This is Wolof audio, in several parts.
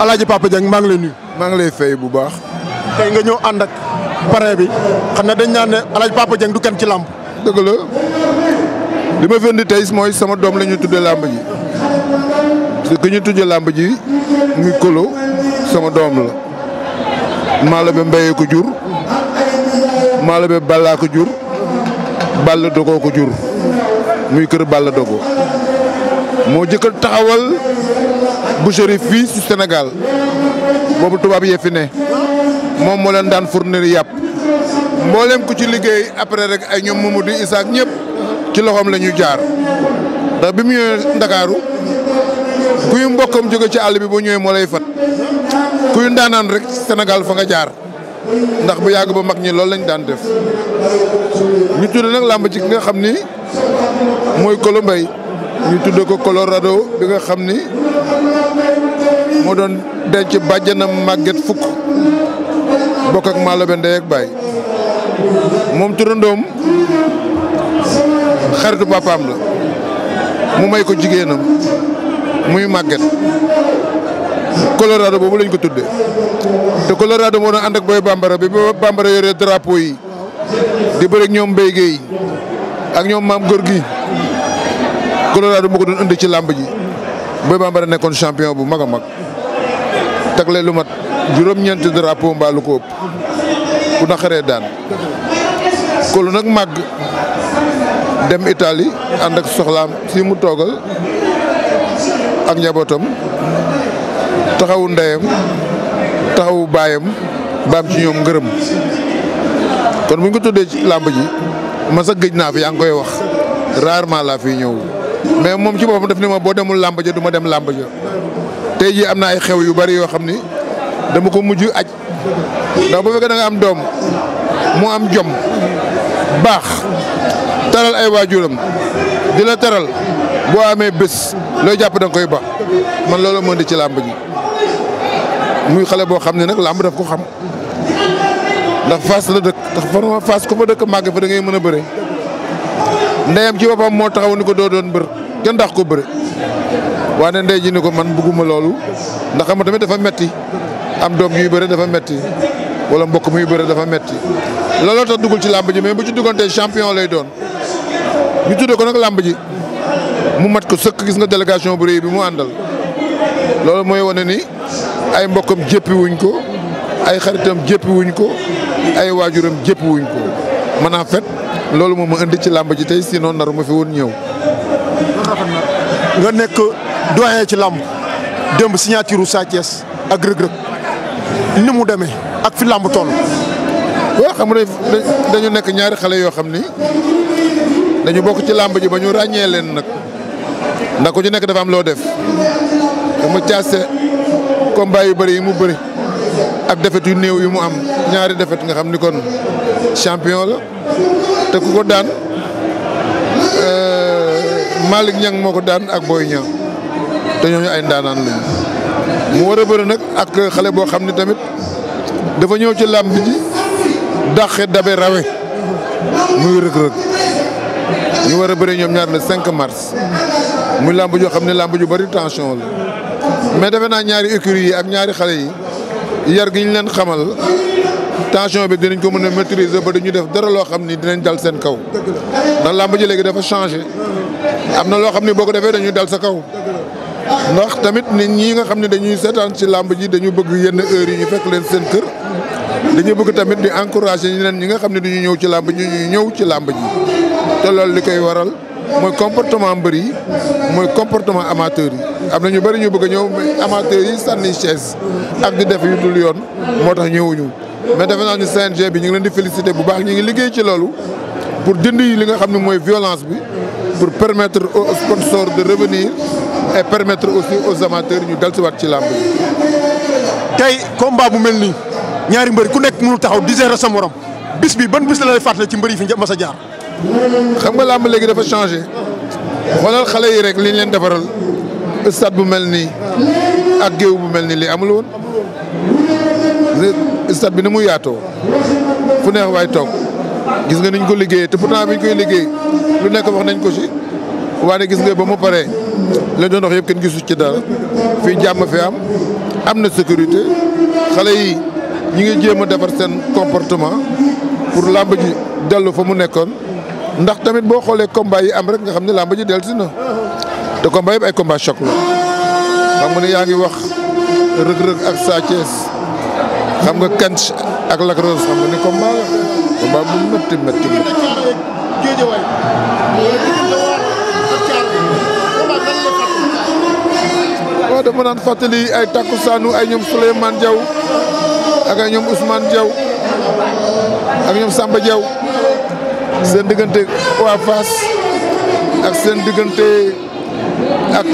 Alaaji Papa Dieng maa ngi lay nii maa ngi lay fay bu baax. tey nga ñëw ànd ak parrain bi xam ne dañ naan ne Alaaji Papa Dieng du kenn ci làmb. dëgg la li ma fën di tey mooy sama doom la ñu tuddee làmb ji te làmb ji Kolo sama doom la Malabe Mbaye ko jur Malabe Balla ko jur Balla Dogo ko jur muy kër Balla Dogo moo jëkk taxawal. boucherie fii si Sénégal boobu tubaab yee fi ne moom moo leen daan fournir yàpp mboolem ku ci liggéey après rek ay ñoom Mamadou Isaac ñëpp ci loxoom la ñu jaar ndax bi mu ñëwee Ndakaaru kuy mbokkam jóge ci àll bi boo ñëwee moo lay fat kuy ndaanaan rek Sénégal fa nga jaar ndax bu yàgg ba mag ñi loolu lañ daan def ñu tudde nag làmb ci ki nga xam ni mooy Kolo Mbaye ñu tudd ko Colorado bi nga xam ni moo doon denc bàjjanam màgget fukk bokk ak Malobe ndey ak baay moom turandoom xaritu papaam la mu may ko jigéenam muy màgget Colorado boobu lañ ko tudde te Colorado moo doon ànd ak booy bambara bi ba bambara yoree drapeau yi di bëri ak ñoom mbéygéey ak ñoom maam góor gi Colorado moo ko doon indi ci làmb ji Boy Bambara nekkoon champion bu mag a mag tagle lu mat juróom-ñeenti drapeau mbaa ko ëpp ku naqaree daan kolu nag màgg dem itali ànd ak soxlaam si mu toogal ak njabootam taxawu ndeyam taxawu baayam baam ci ñoom ngërëm kon bu ñu ko ci làmb ji masa sax gëj naa fi yaa ngi koy wax rarement laa fi ñëw. mais moom ci boppam def ne ma boo demul làmb ja du ma dem làmb ja tey jii am na ay xew yu bari yoo xam ni dama ko mujj aj ndax bu fekkee da nga am doom mu am jom baax taral ay waajuram di la taral boo amee bés looy jàpp da nga koy ba man loolu moo di ci làmb ji muy xale boo xam ne nag làmb daf ko xam ndax Fass la dëkk ndax fas ko fa dëkk màgg fa dangay mën a bëre ndeyam ci boppam moo taxaw ni ko doo doon bër kenn ndax ko bëre waaye ne ndey ji ni ko man bugguma loolu ndax xam tamit dafa metti am doom yuy bëre dafa metti wala mbokk muy bëre dafa metti looloo tax dugul ci làmb ji mais bu ci duggante champion lay doon ñu ko nag làmb ji mu mat ko sëkk gis nga délégation bu réy bi mu àndal loolu mooy wane ni ay mbokkam jéppi wuñ ko ay xaritam jéppi ko ay waajuram jéppi wuñ ko man en loolu moom ma indi ci làmb ji tey sinon naru ma fi woon ñëw. nga nekk doyen ci làmb démb signature Sa Thiès ak Reug Reug ni mu demee ak fi làmb toll. waaw xam nga dañu nekk ñaari xale yoo xam ni dañu bokk ci làmb ji ba ñu ràññee leen nag ndax ku ci nekk dafa am loo def dama caase combat yu bëri yi mu bëri. ak defet yu néew yu mu am ñaari defet nga xam ni kon champion la te ku ko daan euh, Malick Niang moo ko daan ak Boy Niang te ñooñu ay ndaanaan lañu mu war a bëri nag ak xale boo xam ne tamit dafa ñëw ci làmb ji dàqe dabe rawe muy Reug Reug ñu war a bëri ñoom ñaar la 5 mars muy làmb joo xam ne làmb ju bëri tension la mais defe naa ñaari écurie yi ak ñaari xale yi yar gi ñu leen xamal tension bi dinañ ko mën a maîtriser ba duñu def dara loo xam ni dinañ dal seen kaw. ndax làmb ji léegi dafa changé am na loo xam ni boo ko defee dañuy dal sa kaw. ndax tamit nit ñi nga xam ne dañuy seetaan ci làmb ji dañu bëgg yenn heures yi ñu fekk leen seen kër. dañu bëgg tamit di encourager ñi leen ñi nga xam ne duñu ñëw ci làmb ji ñuy ñëw ci làmb ji te loolu li koy waral mooy comportement mbër yi mooy comportement amateur yi. am na ñu bari ñu bëgg ñëw amateur yi sànni chaise ak di def yu dul yoon moo tax ñëwuñu mais defe naa ñu CNG bi ñu ngi leen di féliciter bu baax ñu ngi liggéey ci loolu pour dindi li nga xam ne mooy violence bi pour permettre aux sponsors de revenir et permettre aussi aux amateurs ñu dellusiwaat ci làmb bi. tey combat bu mel nii ñaari mbër ku nekk mënu taxaw digérer sa morom bis bi ban bis la lay fàttali ci mbër yi fi mas a jaar. xam nga làmb léegi dafa changé xoolal xale yi rek liñ leen defaral. stade bu mel nii ak géew bu mel nii lii amul woon stade bi ni mu yaatoo fu neex waay toog gis nga niñ ko liggéeyee te pourtant biñ koy liggéey lu nekk wax nañ ko ci waaye gis nga ba mu paree la doon wax yëpp kenn gisu ci dara jàmm fi am am na sécurité xale yi ñi ngi jéem a defar seen comportement pour làmb ji dellu fa mu nekkoon ndax tamit boo xoolee combat yi am rek nga xam ne làmb ji dellu si na te combat yëpp ay combat choc la xam nga ne yaa ngi wax rëg-rëg ak Sa xam nga Kantch ak Lac xam nga ni combat la combat bu métti métti waaw dama naan fàttali ay takkusaanu ay ñoom Souleymane Diaw ak ay ñoom Ousmane Diaw ak ñoom Samba Diaw seen diggante waa Fass ak seen diggante ak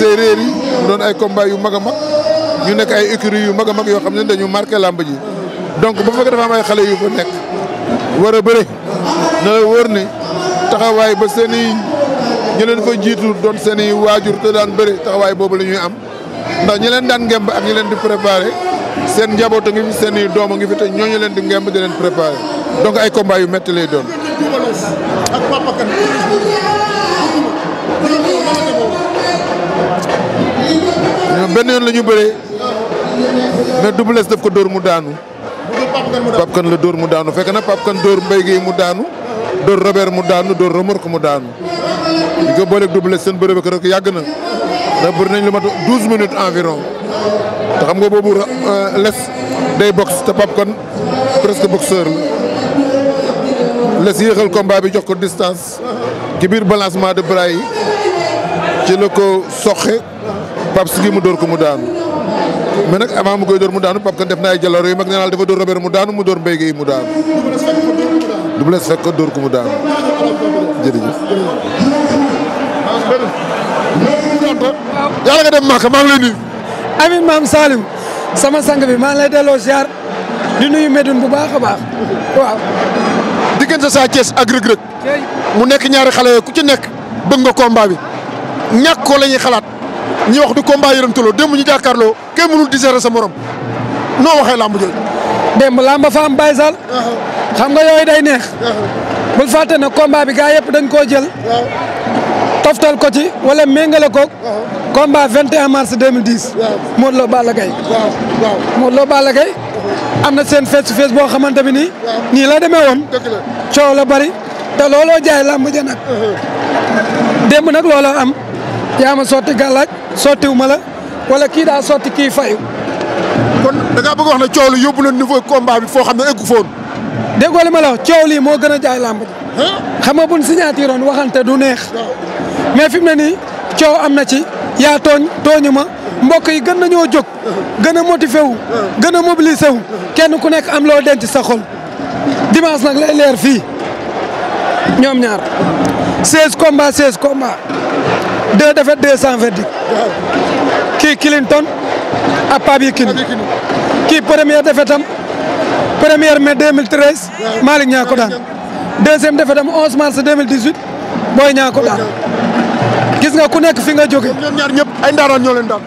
séeréer yi doon ay combat yu mag a mag ñu nekk ay écuries yu mag mag yoo xam ne dañu marke làmb ji donc bu fekkee dafa am xale yu fa nekk war a bëre na wër wóor ne taxawaay ba seen i ñu leen fa jiitu doon seeni i waajur te daan bëri taxawaay boobu la ñuy am ndax ñu leen daan ngemb ak ñu leen di préparé seen njaboot a ngi fi seen i doom a ngi fi te ñooñu leen di ngemb di leen préparé donc ay combat yu metti lay doon. ñoom benn yoon la ñu bëree mais Double Less ko dóor mu daanu. Pape la dóor mu daanu fekk na Pape Kane dóor Mbaye gi mu daanu. dóor Robert mu daanu dóor Remorque mu daanu. di ko booleeg Double Less seen bërëb ak rek yàgg na ndax bëri nañ lu mat douze minutes environ te xam nga boobu euh, les day boxe te Pape presque boxeur la les yéexal combat bi jox ko distance ci biir balancement de bras yi ci la ko soxe Pape si mu dóor ko mu daanu mais nag avant mu koy dóor mu daanu Pape kan def na ay jaloore yu mag nee naa dafa dóor Robert mu daanu mu mu daanu. Double ko mu daanu. maa ngi Amin maam Salim sama sang bi maa lay delloo ziar di nuyu Médoune bu baax a baax waaw. diggante sa Thiès ak Reug Reug mu nekk ñaari xale ku ci nekk bëgg nga combat bi ñàkk ko la ñuy xalaat. ñi wax du combat yërëmtaloo démb ñu jàkkaarloo kenn mënul digérer sa morom noo waxee làmb jooju. démb làmb fa am Baye xam nga yooyu day neex. bul fàtte ne combat bi gaa yëpp dañ koo jël. toftal ko ci wala méngale ko. combat 21 mars 2010. waaw Modou Lo Balla Gaye. waaw waaw Modou Lo Balla Gaye. Uh-huh. am na seen face boo xamante bi nii. nii la deme woon. coow la bari te looloo jaay làmb ja nag. Uh-huh. demb nag looloo am. yaa ma sotti gàllaaj sottiwu ma la wala kii daa sotti kii fayu. kon da bëgg wax ne coow li yóbbu na niveau combat bi foo xam na eggu foon. déggoo li ma la coow lii moo gën a jaay làmb ji. xam nga buñ signaatiroon waxante du neex. mais fi mu ne nii coow am na ci yaa tooñ tooñu ma mbokk yi gën nañoo jóg. gën a motivé wu. gën a mobilisé wu. kenn ku nekk am loo denc sa xol. dimanche nag lay leer fii ñoom ñaar 16 combats 16 combats. deux défaites deux cent verdict kii Clinton ak Pape Yekini kii première défaite am première mai 2013 Malick ñaa ko daan deuxième défaite am 11 mars 2018 Boy ñaa ko daan gis nga ku nekk fi nga jóge ñëpp ay ndaanaan ñoo leen daan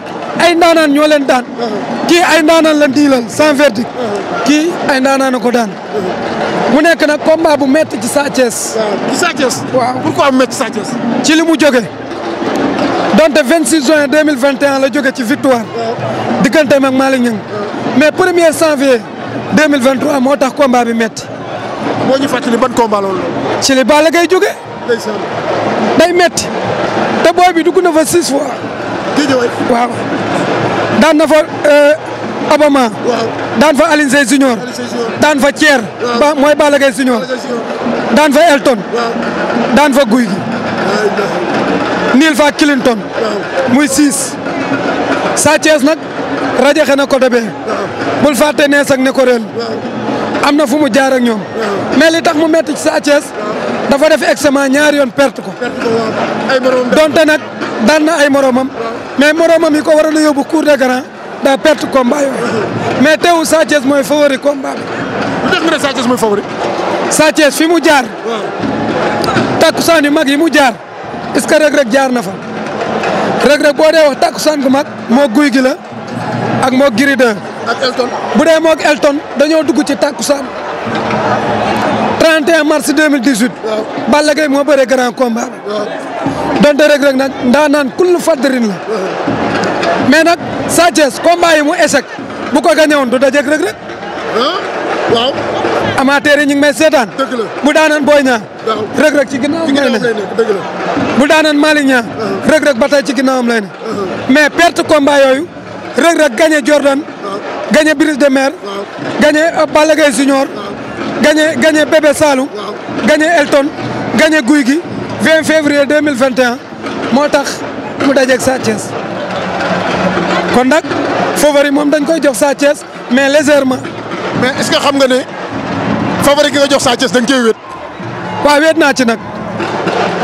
ay ndaanaan ñoo leen daan uh-huh. kii ay ndaanaan la diilal sans verdict uh-huh. kii ay ndaanaan ko daan uh-huh. mu nekk nag combat bu métti ci Sa Thiès ci Sa Thiès waaw pourquoi bu métti Sa ci li mu jóge donte 26 juin 2021 la jóge ci victoire digganteem ak Malick Niang mais premier janvier 2023 moo tax combat bi métti. moo ñu fàttali ban combat loolu la. ci li Balla Gaye jóge. day métti te booy bi dugg na fa six fois. daan na fa Abama. Euh, daan fa Alioune Seye daan fa Thier. mooy Balla Gaye Junior. daan fa Elton. daan fa Guy gi. niil fa Clinton muy six Sa Thiès nag rajaxe na côté bee bul fàtte nees ak ne ko réel am na fu mu jaar ak ñoom mais li tax mu metti ci Sa Thiès dafa def examen ñaari yoon perte ko donte nag daan na ay moromam mais moromam yi ko waroon a yóbbu cour de grand daa perte combat yooyu mais teewu Sa mooy favori combat bi. Sa Thiès mooy favori. Sa fi mu jaar. takkusaan yu mag yi mu jaar. est-ce que Reug jaar na fa Reug boo dee wax takkusaan gu mag moo guy gi la ak moo Gris bu dee moo Elton dañoo dugg ci takkusaan 31 mars 2018. waaw Balla Gaye moo bëree grand combat. waaw donte Reug Reug nag ndaa naan kullu fadrin la. mais nag Sa Thiès yi mu échec bu ko gañewoon du dajeeg Reug Reug. waaw amateur yi ñu ngi may seetaan. dëgg mu daanan booy Niang. Reug Reug ci ginnaawam lay ne mu daanan Malick Niang. ba tey ci ginnaawam lay ne. mais perte combat yooyu. Reug Reug gagné Jordan. gagné Brise de Mer. gagné Balla Gaye Junior. gagné gagné Bébé Saloum. gagné Elton. gagné Guy gi 20 février 2021 moo tax mu dajeeg Sa Thiès kon nag favori moom dañ koy jox Sa Thiès mais légèrement. mais est-ce que xam nga ne favori ki nga jox Sa Thiès da nga waa wéet. naa ci nag.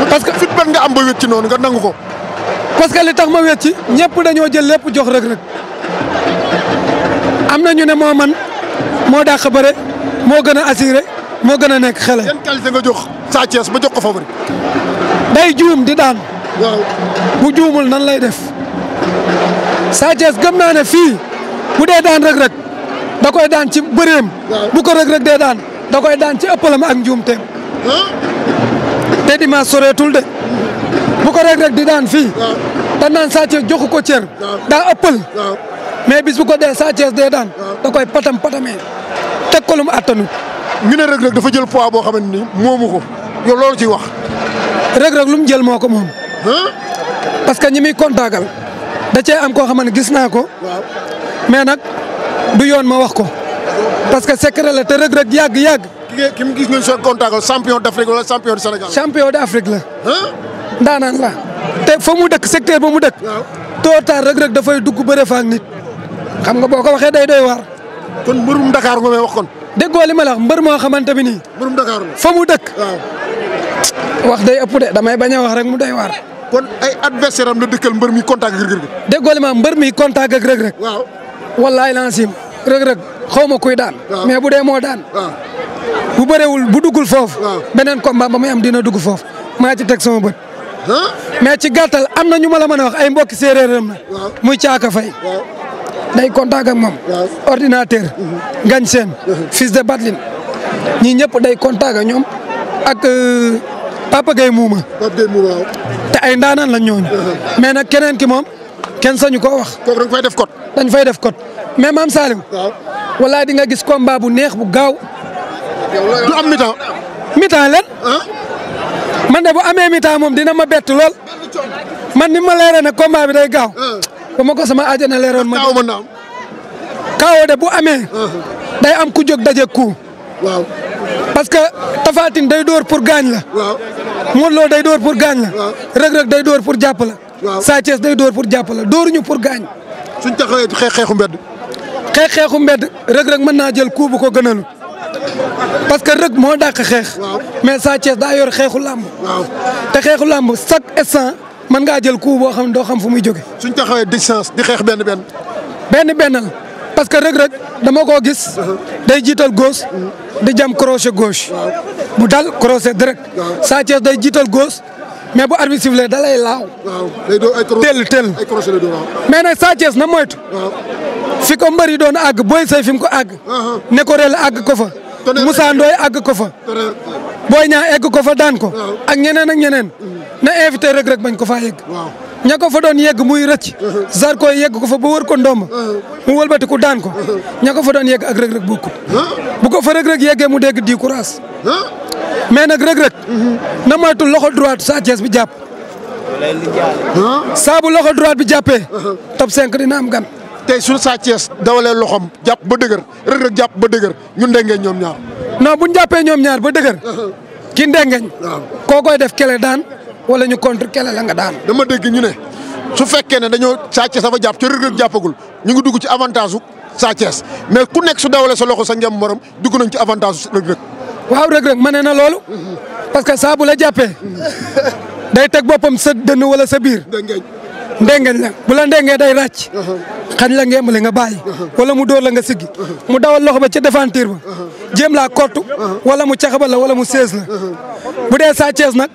parce que fit ban nga am ba wéet ci noonu nga nangu ko. parce que li tax ma wéet ci ñëpp dañoo jël lépp jox Reug Reug am na ñu ne moo man moo dàq bëre moo gën a assuré moo gën a nekk xale. yan nga jox Sa Thiès ba jox ko favori. day juum di daan. waaw bu juumul nan lay def. Sa gëm naa ne fii bu dee daan Reug Reug da koy daan ci bëreem. bu ko rëg rëg dee daan da koy daan ci ëppalam ak njuumteem. te dimanche soreetul de bu ko rëg rëg di daan fii. da naan Sa joxu ko cër. daa ëppal. mais bis bu ko dee Sa Thiès dee daan. da koy patam patamee teg ko lu mu attanu. ñu ne rëg rëg dafa jël poids boo xamante ni moomu ko yow loolu ciy wax. rëg rëg lu mu jël moo ko moom. parce que ñi muy kontaagal da cee am koo xam ne gis naa ko. mais nag du yoon ma wax ko parce que secret la te rëg rëg yàgg yàgg. ki mu gis nañ seen contact champion d' Afrique wala champion du Sénégal. champion d' Afrique la. ndaanaan la te foo mu dëkk secteur ba mu dëkk. tôt ou tard rëg rëg dafay dugg bëre fa ak nit. xam nga boo ko waxee day doy waar. kon mbërum Dakar nga may wax kon. déggoo li ma la wax mbër moo xamante bi nii. mbërum Dakar la fa mu dëkk. wax day ëpp de damay bañ a wax rek mu doy waar. kon ay adversaire am la dëkkal mbër mi contact ak mbër mi contact ak rëg rëg. wallaay lancim rëg-rëg xaw ma kuy daan. mais bu dee moo daan. bu bërewul bu duggul foofu. beneen combat ba muy am dina dugg foofu maa ci teg sama bët. mais ci gàttal am na ñu ma la mën a wax ay mbokki séeréeram na. muy caaka fay. day contact ak moom. ordinateur. Mhm. gañ seen. Mhm. fils de Batlin. ñii ñëpp day contact ak ñoom ak euh, Papa Gueye Mouma. Papa te ay ndaanaan la ñooñu. Mhm. mais nag keneen ki moom. kenn sañu koo wax. kooku dañ fay def code. dañ fay def mais maam Saliou. waaw walaay di nga gis combat bu neex bu gaaw. du am mi-temps. leen. man de bu amee mi moom dina ma bett lool. man ni ma leeree ne bi day gaaw. ba ma ko sama àjjana leeroon ma. kaaw de bu amee. day am ku jóg daje ku. waaw parce que Tapha day door pour gaañ la. waaw Modou day door pour gaañ la. waaw Reug day door pour jàpp la. waaw Sa day dóor pour jàppale ñu pour gaañ. suñ taxawee xeex xeexu mbedd. xeex xeexu mbedd Reug Reug mën naa jël coup bu ko gënal parce que Reug moo dàq xeex. mais Sa daa yor xeexu làmb. te xeexu làmb chaque instant mën ngaa jël coup boo xam doo xam fu muy jóge suñ taxawee distance di xeex benn benn. benn benn parce que Reug Reug dama koo gis. Uh-huh. day jiital gauche. Uh-huh. di jam crochet gauche. bu dal crochet direct. Sa day jiital gauche. mais bu arbitre sifflé da lay laaw. waaw day na ay na moytu. fi ko mbëri doon àgg booy say fi mu ko àgg. Uh-huh. ne ko rel àgg ko fa. Moussa Ndoye àgg ko fa. booy ñaa egg ko fa daan ko. ak ñeneen ak ñeneen. Mm-hmm. na invité Reug Reug bañ ko faa yegg. ña ko fa doon yeg muy rëcc. Uh-huh. Zarko yegg ko fa ba wër ko ndomba. Uh-huh. mu wëlbati ku daan ko. ña ko fa doon yegg ak Reug Reug bokkut. bu ko fo Reug Reug yeggee mu dégg di courage. mais nag Reug Reug na moytu loxo droite Sa Thiès bi jàpp. saa bu loxo droite bi jàppee. top 5 dina am gan. tey su Sa dawalee loxom jàpp ba dëgër Reug jàpp ba dëgër ñu ndengeñ ñoom ñaar. non bu ñu jàppee ñoom ñaar ba dëgër. Uh-huh. ki ndengeñ. koo koy def kele daan wala ñu contre kele la nga daan. dama dégg ñu ne su fekkee ne dañoo Sa Thiès jàpp ci Reug jàppagul ñu ngi dugg ci avantage su Sa ku nekk su dawalee sa loxo sa ngem morom dugg nañ ci avantage su waaw Reug ma mën na loolu. parce que saa bu la jàppee. day teg boppam sa dënn wala sa biir. ndengeñ la bu la ndengee day ràcc. Uh-huh. xañ la ngembale nga baay uh-huh. wala mu dóor la nga siggi uh-huh. mu dawal loxo ba ca défendir ba. jéem laa kottu. wala mu caxabal la wala mu sees la. bu dee saa nag.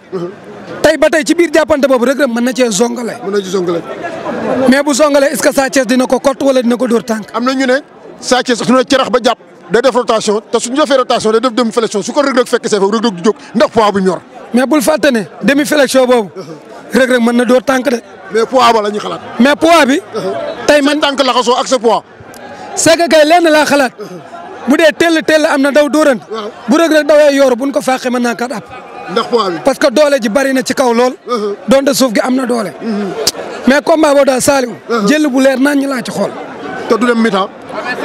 tey ba tey ci biir jàppante boobu Reug Reug mën na cee zongale. mën na ci zongale. mais bu zongalee est-ce que dina ko kott wala dina ko dóor tànk. am na ñu ne saa cees su ba jàpp. day def rotation te suñu defee rotation day def demi flexion su ko Reug Reug fekk see foofu Reug Reug du jóg ndax poids bu ñor. mais bul fàtte ne demi flexion boobu. Reug Reug mën na door tànk de. mais poids ba la ñuy xalaat. mais poids bi. tey man tànk laxasoo ak sa poids. c'est que kay lenn laa xalaat. bu dee tell tell am na daw dóoran. bu Reug Reug dawee yooru buñ ko faaxee mën naa kat ab. ndax parce que doole ji bari na ci kaw lool. Uh-huh. donte suuf gi am na doole. Uh-huh. mais combat boobu daa saaliw. Uh-huh. jël leer naan ñu laa ci xool. te du dem mi-temps.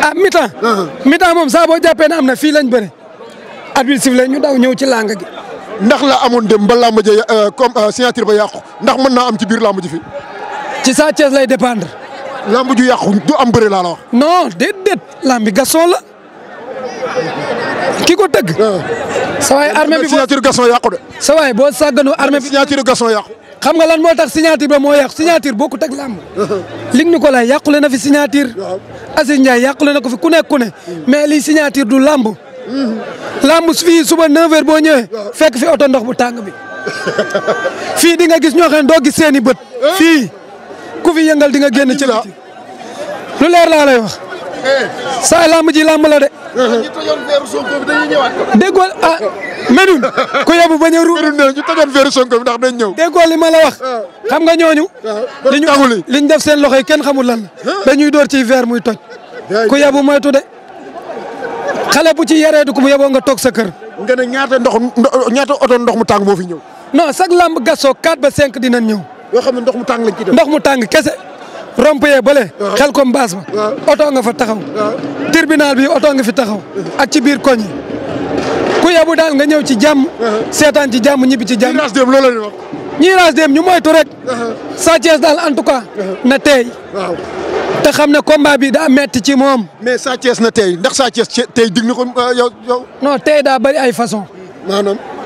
ah uh-huh. moom saa boo jàppee ne am na fii lañ bëre. arbitre sifflé ñu daw ñëw ci langa gi. ndax la amoon dem ba làmb ji euh, comme euh, signature ba yàqu ndax mën naa am ci biir làmb ji fi ci Sa Thiès lay dépendre. làmb ju yàqu du am bëre laa la wax. non déedéet làmb bi gasoo la kii ko tëgg. Uh-huh. sa waay armée bi boo signature gasoo yàqu de. sa waay boo sàgganoo armée bi signature gasoo yàqu. xam nga lan moo tax signature ba moo yàqu signature boo ko teg làmb lig ni ko lay yàqule na fi signature Aziz Ndiaye yàqule na ko fi ku nekk ne mm. mais lii signature du làmb mm-hmm. làmb fii suba 9h boo ñëwee fekk fi oto ndox bu tàng bi fii di nga gis ñoo xam doo gis seeni bët eh? fii ku fi yëngal di nga génn ci lu leer laa lay wax saay lamb ji làmb la de. ñu tojoon veeru Sonko bi ah, menun ku yebu bañ a ru. menun ne ñu tojoon veeru dañ ñëw. déggoo li ma la wax. Ah. xam nga ñooñu. Ah. li ñu li ñu def seen loxo yi kenn xamul la la. dañuy door ci veer muy toj. ku yebu moytu de xale bu ci yaree ku mu bu nga toog sa kër. nga ne ñaata ndox ñaata oto ndox mu tàng moo fi ñëw. non chaque lamb gasoo 4 ba 5 dinañ ñëw. yoo xam ne ndox mu tàng lañ ci def. ndox mu tàng kese. rompé bale ah. xel kom baas ba. Ah. oto nga fa taxaw. Ah. tribunal bi oto nga fi taxaw. ak ci biir koñ yi. ku yabu daal nga ñëw ci jàmm. seetaan ci jàmm ñibbi ci jàmm. ñi raas dem loolu la ñu wax. moytu rek. Sa daal en tout cas. na teey te xam ne combat bi daa metti ci moom. mais Sa na teey ndax Sa Thiès teey dig na ko euh, daa bari ay façon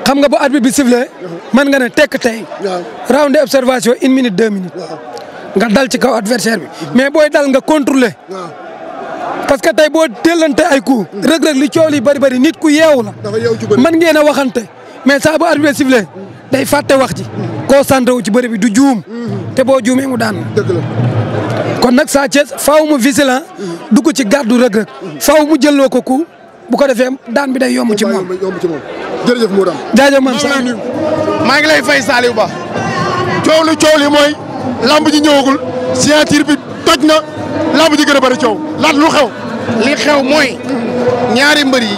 xam nga bu arbitre bi sifflé. mën nga ne tekk tey. waaw round d'observation une minute deux minutes. nga dal ci kaw adversaire bi mais booy dal nga contrôler parce que tey boo teelante ay coup Reug Reug li coow li bëri bari nit ku yeewu la man ngeen a waxante mais saa bu arbitre sifflé day fàtte wax ji concentré wu ci bëri bi du juum te boo juumee mu daan kon nag Sa Thiès faaw mu vigilant ko ci gardu Reug Reug faaw mu jël loo ko coup bu ko defee daan bi day yomb ci moom jërëjëf Mourane jaajëf man maa ngi lay fay Saliou Ba coow lu coow li mooy lamb ji ñëwagul signature bi toj na lamb ji gën a bëri coow laat lu xew. li xew mooy ñaari mbër yi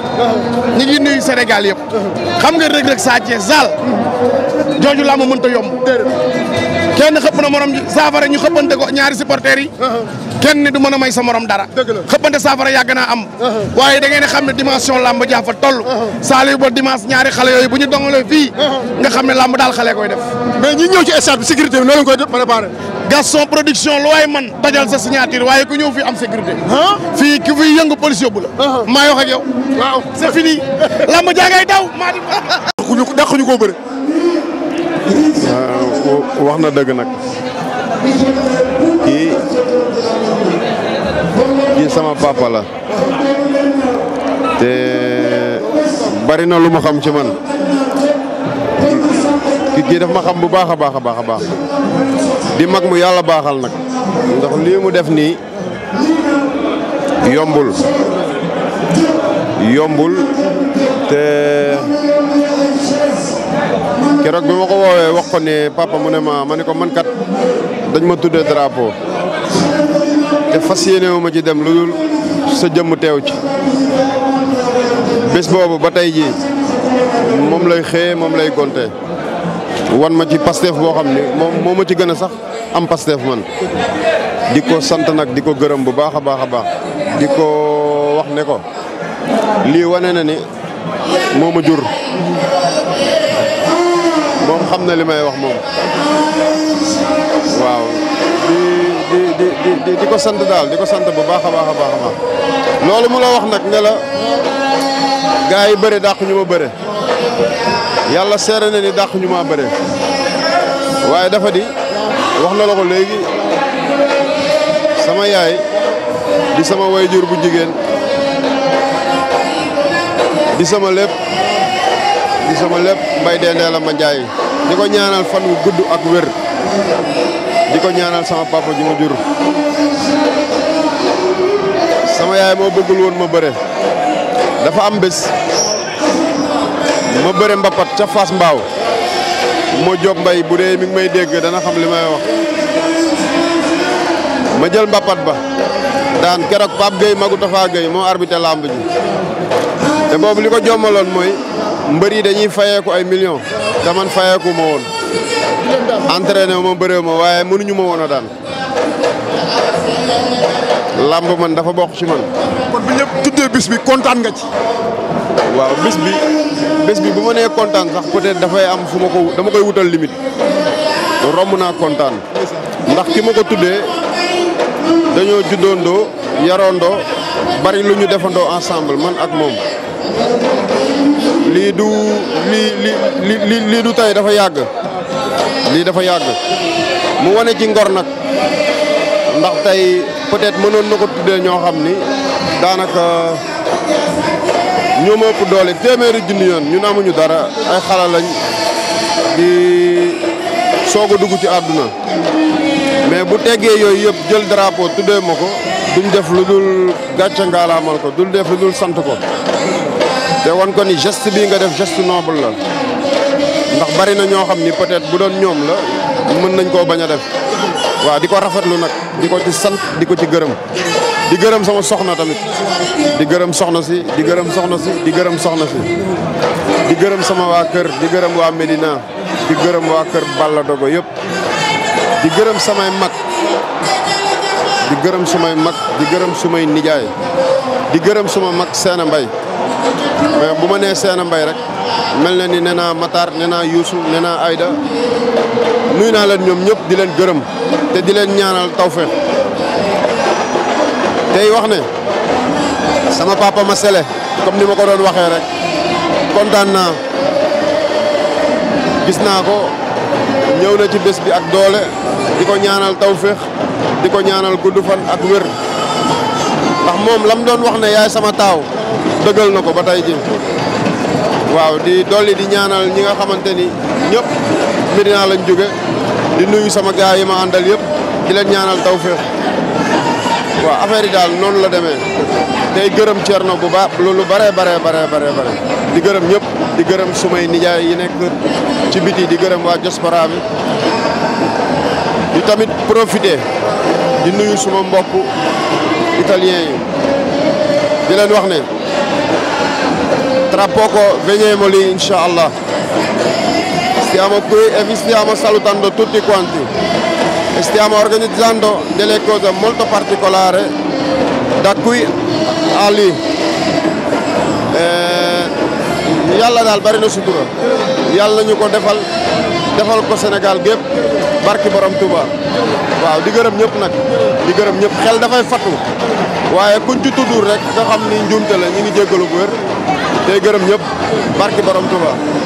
ñu ngi nuyu Sénégal yëpp xam nga Reug Reug Sa Thiès Zal jooju lamb mënta yomb. kenn xëpp na morom ji saafara ñu xëppante ko ñaari supporters yi uh-huh. kenn ni du mën a may sa morom dara xëppante saafara yàgg naa am uh-huh. waaye da xam ne dimension làmb jaa fa toll uh-huh. Saliou ba dimanche ñaari xale yooyu bu ñu dongalee fii nga xam ne làmb daal xale koy def mais ñi ñëw ci stade bi sécurité bi noonu koy def préparé production lu man dajal sa signature waaye ku ñëw fii am sécurité fii ku fi yëngu police yóbbu la maa wax ak yow waaw c'est fini làmb jaa ngay daw maa di dàq ñu ko bëre wax na dëgg nag kii kii sama papa la te bari na lu ma xam ci man kii daf ma xam bu baax a baax a baax a baax di mag mu yàlla baaxal nag ndax lii mu def nii yombul yombul te keroog bi ma ko woowee wax ko ne papa mu ne ma ma ne ko man kat dañ ma tuddee drapeau te fas yéene ma ci dem lu dul sa jëmm teew ci bés boobu ba tey ji moom lay xëyee moom lay gonte wan ma ci Pastef boo xam ne moom ma ci gën a sax am Pastef man di ko sant nag di ko gërëm bu baax a baax a baax di ko wax ne ko lii wane na ni moo ma jur moom xam na li may wax moom waaw di di di di di ko sant daal di ko sant bu baax a baax a baax loolu mu la wax nag ne la gaa yi bëre dàq ñu ma bëre yàlla seere na ni dàq ñu ma bëre waaye dafa di wax na la ko léegi sama yaay di sama jur bu jigéen di sama lépp di sama lépp Mbaye Dendeel la ma Ndiaye di ko ñaanal fan wu gudd ak wér di ko ñaanal sama papa ji ma jur sama yaay moo bëggul woon ma bëre dafa am bés ma bëre mbapat ca fas Mbaaw moo job mbay bu dee mi may dégg dana xam li may wax ma jël mbappat ba daan keroog Pape Gueye magu Tafa Gueye moo arbitre lamb ji te boobu li ko jommaloon mooy mbër yi dañuy fayeeku ay millions te man fayeeku ma woon entraîné ma bëree ma waaye mënuñu ma woon a daan làmb man dafa bokk ci man tuddee bis bi kontaan nga ci waaw bis bi bis bi bu ma nee kontaan sax peut-être dafay am fu ma ko dama koy wutal limite romb naa kontaan ndax ki ma ko tuddee dañoo juddoondoo yaroondoo bari lu ñu defandoo ensemble man ak moom lii du lii li li lii du tey dafa yàgg lii dafa yàgg mu wane ci ngor nag ndax tey peut mënoon na ko tuddee ñoo xam ni daanaka ñoo ma ëpp doole téeméeri jindi yoon ñun amuñu dara ay xala lañ di soog dugg ci àdduna mais bu teggee yooyu yëpp jël drapeau tuddee ma ko duñ def lu dul gàcce ngaalaamal ko duñ def lu dul sant ko de wan ko ni geste bii nga def geste noble la ndax bari na ñoo xam ni peut-être bu doon ñoom la mën nañ koo bañ a def waaw di ko rafetlu nag di ko ci sant di ko ci gërëm di gërëm sama soxna tamit di gërëm soxna si di gërëm soxna si di gërëm soxna si di gërëm sama waa kër di gërëm waa Médina di gërëm waa kër Balla Dogo yëpp di gërëm samay mag di gërëm sumay mag di gërëm sumay nijaay di gërëm suma mag Seena Mbay mais bu ma nee Sène mbay rek mel na ni nee naa Matar nee naa Youssou nee naa Aïda nuyu naa leen ñoom ñëpp di leen gërëm te di leen ñaanal tawfeex tey wax ne sama papa ma sele comme ni ma ko doon waxee rek kontaan na gis naa ko ñëw na ci bés bi ak doole di ko ñaanal tawféex di ko ñaanal gudd fan ak wér ndax moom lam doon wax ne yaay sama taaw dëggal na ko ba tey ji waaw di dolli di ñaanal ñi nga xamante ni ñëpp Medina lañ jóge di nuyu sama gars yi ma àndal yëpp di leen ñaanal tawféex waa affaire yi daal noonu la demee tey gërëm na bu baax lu bare bare bare bare bare di gërëm ñëpp di gërëm sumay nijaay yi nekk ci biti di gërëm waa diaspora bi di tamit profité di nuyu suma mbokk italien yi di leen wax ne tra ko veniamo lì inshallah stiamo qui e vi stiamo salutando tutti quanti e stiamo organizzando delle cose molto particolari da eh, yàlla daal bari na sutura yàlla ñu ko defal defal ko Sénégal gépp barki borom Touba waaw di gërëm ñëpp nag di gërëm ñëpp xel dafay fatu waaye kuñ ci tudd rek nga xam ni njuumte la ñu ngi jéggalu bu wér tey gërëm ñëpp barki borom Touba.